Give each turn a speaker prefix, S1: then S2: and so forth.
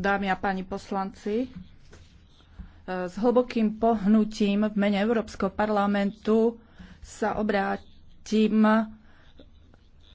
S1: dámy a páni poslanci e, s hlbokým pohnutím v mene európskeho parlamentu sa obrátim na vás